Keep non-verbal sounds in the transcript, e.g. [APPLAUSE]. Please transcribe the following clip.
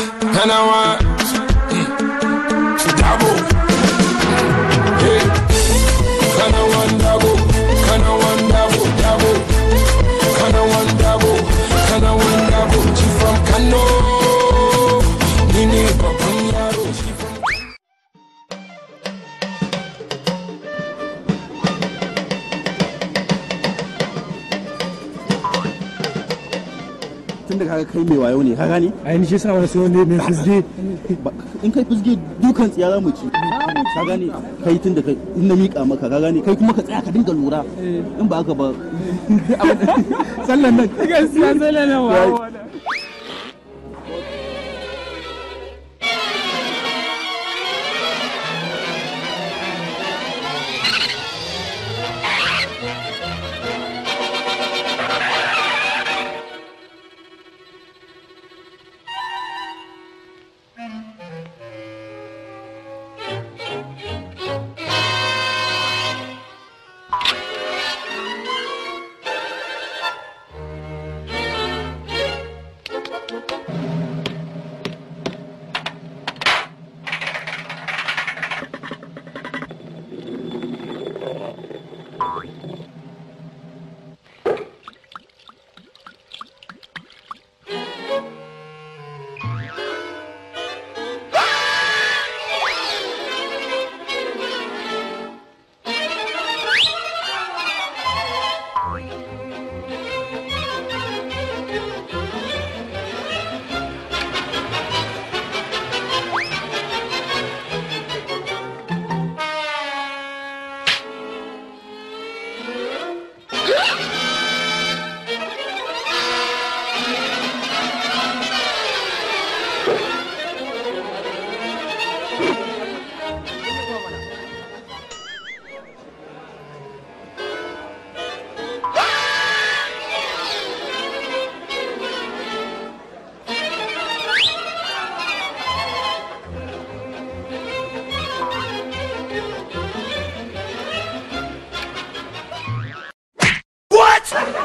and I want tun da kaga kai mai wayo ne ka gani ai ni shi yasa wani so ne mai fusge in kai fusge dukan tsiya za mu ci ka gani kai tun da kai in na miƙa maka ka gani kai kuma ka tsaya ka dinga lura eh. in ba haka ba [LAUGHS] sallan nan gaskiya sallan nan Thank you. Ah! [LAUGHS] Thank you.